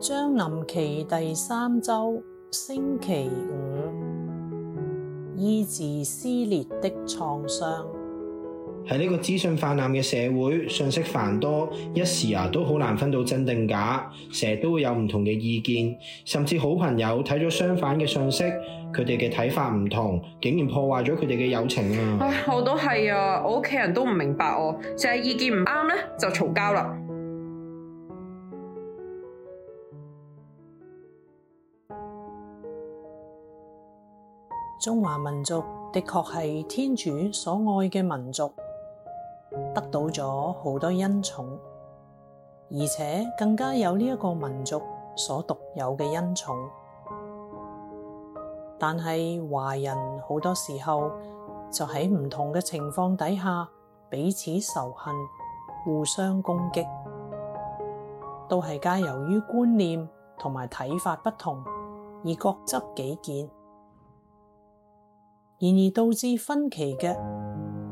將臨期第三周星期五，醫治撕裂的創傷。喺呢個資訊泛濫嘅社會，信息繁多，一時啊都好難分到真定假，成日都會有唔同嘅意見，甚至好朋友睇咗相反嘅信息，佢哋嘅睇法唔同，竟然破壞咗佢哋嘅友情啊！唉，我都係啊，我屋企人都唔明白我，成日意見唔啱咧就嘈交啦。中華民族的確係天主所愛嘅民族，得到咗好多恩寵，而且更加有呢一個民族所獨有嘅恩寵。但係華人好多時候就喺唔同嘅情況底下彼此仇恨、互相攻擊，都係皆由於觀念同埋睇法不同而各執己見。然而導致分歧嘅，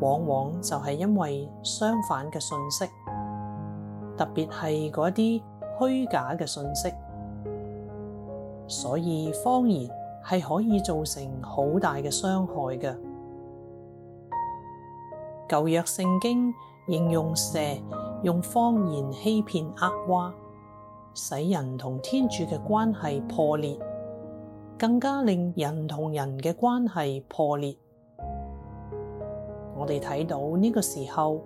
往往就係因為相反嘅信息，特別係嗰啲虛假嘅信息。所以謊言係可以造成好大嘅傷害嘅。舊約聖經形容蛇用謊言欺騙厄娃，使人同天主嘅關係破裂。更加令人同人嘅關係破裂。我哋睇到呢個時候，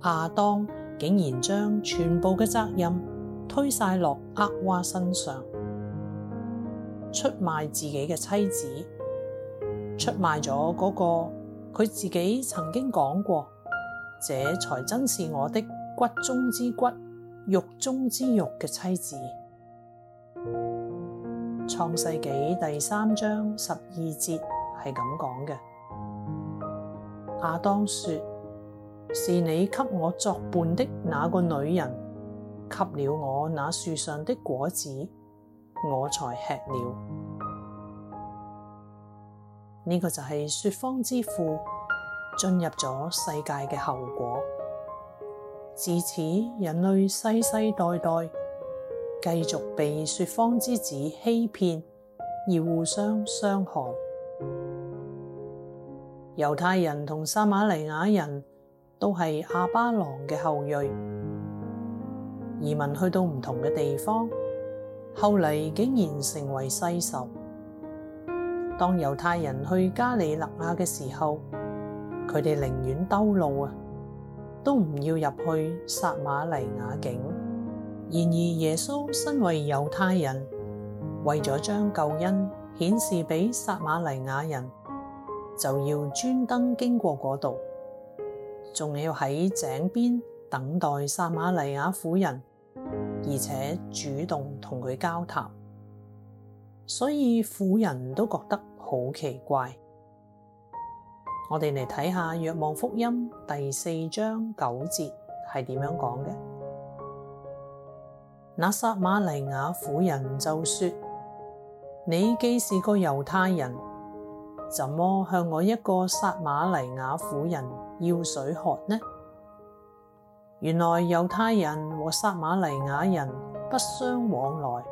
亞當竟然將全部嘅責任推晒落厄娃身上，出賣自己嘅妻子，出賣咗嗰個佢自己曾經講過，這才真是我的骨中之骨、肉中之肉嘅妻子。創世紀第三章十二節係咁講嘅：亞當說，是你給我作伴的那個女人，給了我那樹上的果子，我才吃了。呢、這個就係說謊之父進入咗世界嘅後果。自此，人類世世代代。繼續被說謊之子欺騙而互相傷害。猶太人同撒瑪利亞撒瑪黎雅人都係亞巴朗嘅後裔，移民去到唔同嘅地方，後嚟竟然成為世仇。當猶太人去加里肋亞嘅時候，佢哋寧願兜路啊，都唔要入去撒瑪黎雅境。然而，耶穌身為猶太人，為咗將救恩顯示畀撒瑪黎雅人，就要專登經過嗰度，仲要喺井邊等待撒瑪黎雅婦人，而且主動同佢交談。所以婦人都覺得好奇怪。我哋嚟睇下《若望福音》第四章九節係點樣講嘅。那撒瑪黎雅婦人就說：「你既是個猶太人，怎麼向我一個撒瑪黎雅婦人要水喝呢？原來猶太人和撒瑪黎雅人不相往來。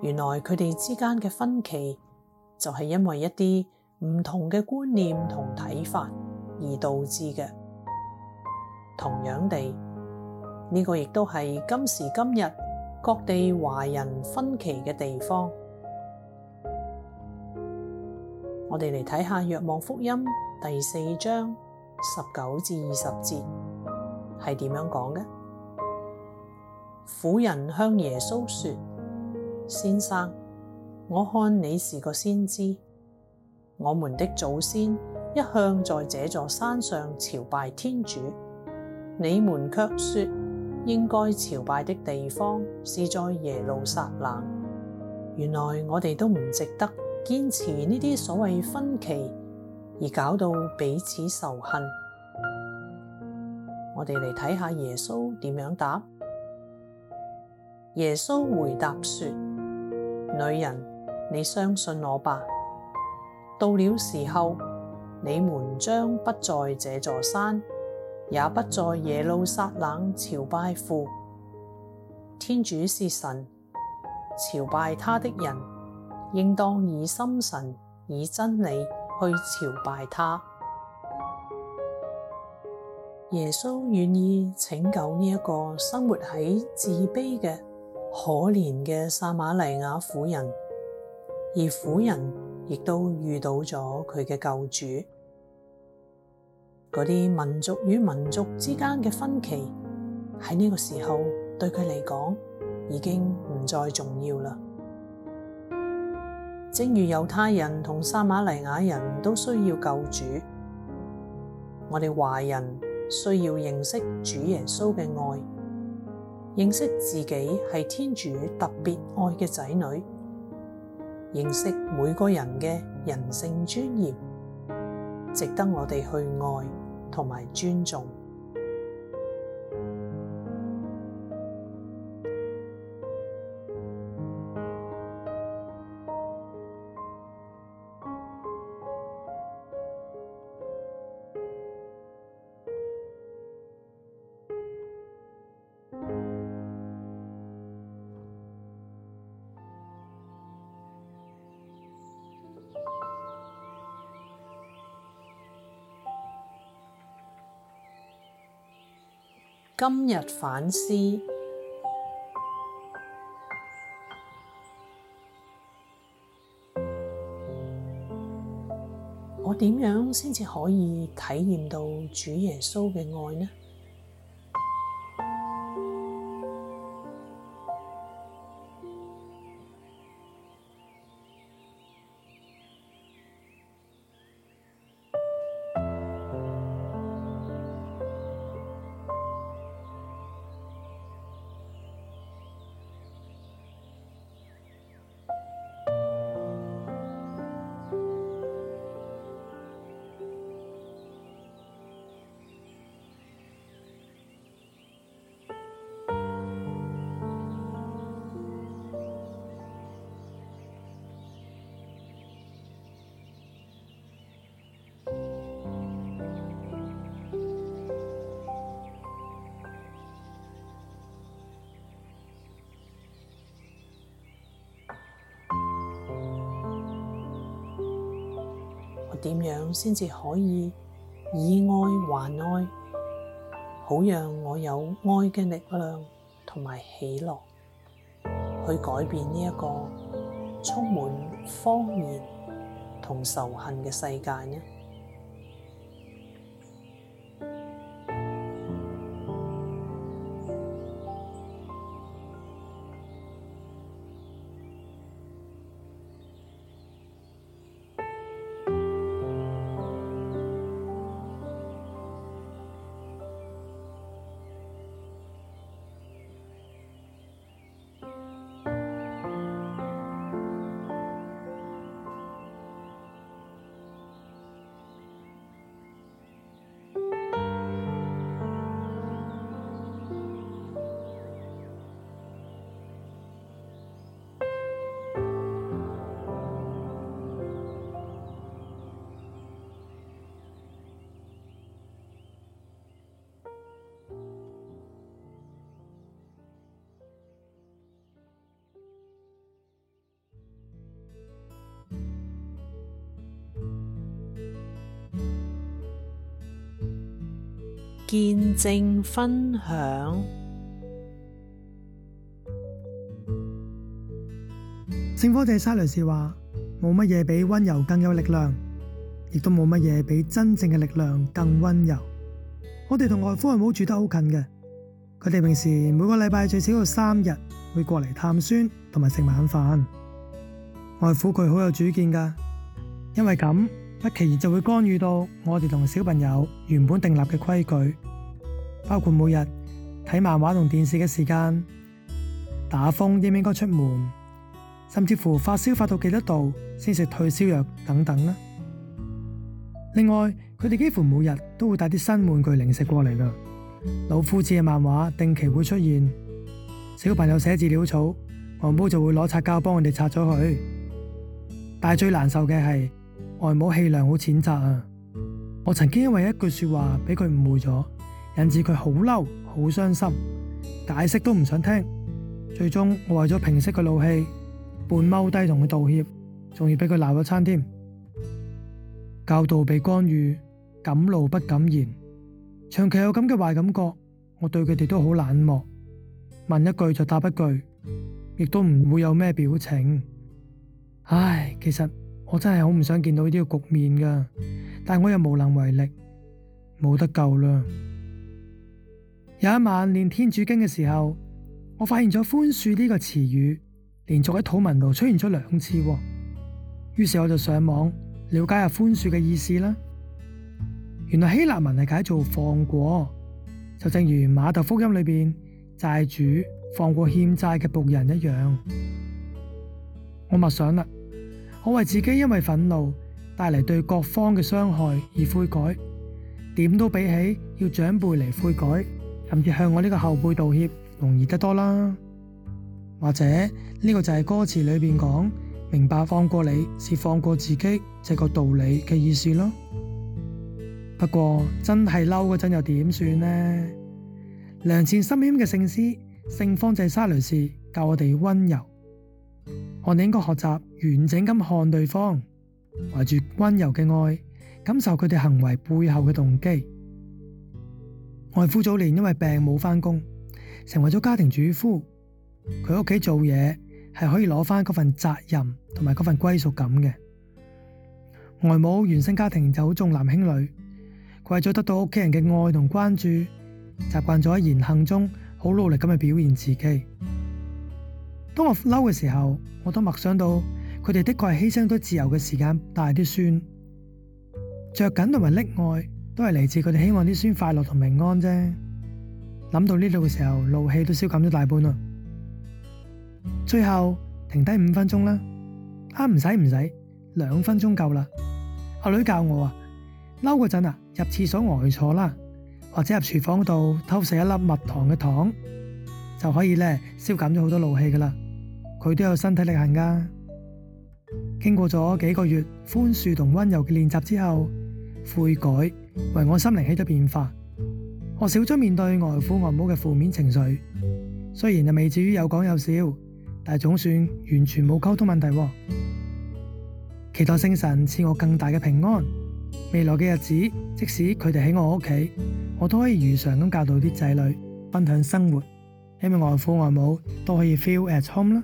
原來佢哋之間嘅分歧就係因為一啲唔同嘅觀念同睇法而導致嘅。同樣地。呢個亦都係今時今日各地華人分歧嘅地方。我哋嚟睇下《若望福音》第四章十九至二十節係點樣講嘅。婦人向耶穌說：先生，我看你是個先知。我們的祖先一向在這座山上朝拜天主，你們卻說。應該朝拜的地方是在耶路撒冷。原來我哋都唔值得堅持呢啲所謂分歧，而搞到彼此仇恨。我哋嚟睇下耶穌點樣答。耶穌回答說：女人，你相信我吧。到了時候，你們將不在這座山。也不在耶路撒冷朝拜父。天主是神，朝拜他的人，應當以心神以真理去朝拜他。耶穌願意拯救呢一個生活喺自卑嘅可憐嘅撒瑪黎雅婦人，而婦人亦都遇到咗佢嘅救主。嗰啲民族與民族之間嘅分歧，喺呢個時候對佢嚟講，已經唔再重要啦。正如猶太人同撒瑪黎雅人都需要救主，我哋華人需要認識主耶穌嘅愛，認識自己係天主特別愛嘅仔女，認識每個人嘅人性尊嚴，值得我哋去愛。同埋尊重。今日反思，我點樣先至可以體驗到主耶穌嘅愛呢？點樣先至可以以愛還愛，好讓我有愛嘅力量同埋喜樂，去改變呢一個充滿謊言同仇恨嘅世界呢？見證分享，聖方濟沙雷氏話：冇乜嘢比溫柔更有力量，亦都冇乜嘢比真正嘅力量更溫柔。我哋同外父外母住得好近嘅，佢哋平時每個禮拜最少要三日會過嚟探孫同埋食晚飯。外父佢好有主見噶，因為咁。不其然就會干預到我哋同小朋友原本訂立嘅規矩，包括每日睇漫畫同電視嘅時間、打風應唔應該出門，甚至乎發燒發到幾多度先食退燒藥等等呢。另外，佢哋幾乎每日都會帶啲新玩具、零食過嚟噶，老夫子嘅漫畫定期會出現，小朋友寫字潦草，外母就會攞擦膠幫我哋擦咗佢。但係最難受嘅係。外母氣量好淺窄啊！我曾經因為一句說話俾佢誤會咗，引致佢好嬲、好傷心，解釋都唔想聽。最終我為咗平息佢怒氣，半踎低同佢道歉，仲要俾佢鬧咗餐添。教導被干預，敢怒不敢言，長期有咁嘅壞感覺，我對佢哋都好冷漠，問一句就答一句，亦都唔會有咩表情。唉，其實。我真係好唔想見到呢啲局面噶，但我又無能為力，冇得救啦。有一晚念天主經嘅時候，我發現咗“寬恕”呢個詞語連續喺禱文度出現咗兩次，於是我就上網了解下寬恕嘅意思啦。原來希臘文係解做放過，就正如瑪竇福音裏邊債主放過欠債嘅僕人一樣，我默想啦。我為自己因為憤怒帶嚟對各方嘅傷害而悔改，點都比起要長輩嚟悔改，甚至向我呢個後輩道歉容易得多啦。或者呢、呢個就係歌詞裏邊講，明白放過你是放過自己，這、就是、個道理嘅意思咯。不過真係嬲嗰陣又點算呢？良善心謙嘅聖師聖方濟沙雷氏教我哋溫柔。我哋應該學習完整咁看對方，懷住温柔嘅愛，感受佢哋行為背後嘅動機。外父早年因為病冇翻工，成為咗家庭主夫，佢屋企做嘢係可以攞翻嗰份責任同埋嗰份歸屬感嘅。外母原生家庭就好重男輕女，佢為咗得到屋企人嘅愛同關注，習慣咗喺言行中好努力咁去表現自己。當我嬲嘅時候，我都默想到佢哋的確係犧牲咗自由嘅時間帶啲孫，着緊同埋溺愛都係嚟自佢哋希望啲孫快樂同平安啫。諗到呢度嘅時候，怒氣都消減咗大半啦。最後停低五分鐘啦，啱唔使唔使，兩分鐘夠啦。阿女教我啊，嬲嗰陣啊，入廁所呆坐啦，或者入廚房嗰度偷食一粒蜜糖嘅糖。就可以咧消減咗好多怒氣噶啦，佢都有身體力行噶。經過咗幾個月寬恕同溫柔嘅練習之後，悔改為我心靈起咗變化。我少咗面對外父外母嘅負面情緒，雖然就未至於有講有笑，但係總算完全冇溝通問題。期待聖神賜我更大嘅平安。未來嘅日子，即使佢哋喺我屋企，我都可以如常咁教導啲仔女，分享生活。希望外父外母都可以 feel at home 啦。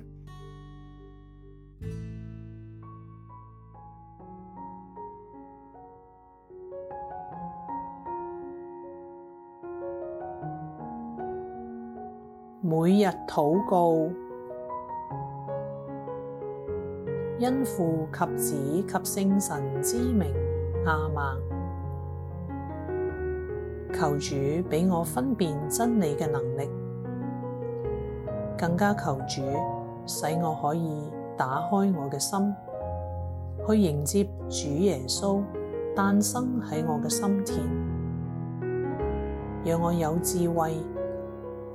每日禱告，因父及子及聖神之名，阿們。求主畀我分辨真理嘅能力。更加求主，使我可以打開我嘅心，去迎接主耶穌誕生喺我嘅心田，讓我有智慧，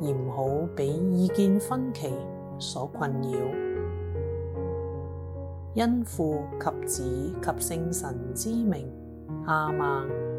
而唔好俾意見分歧所困擾。因父及子及聖神之名，阿們。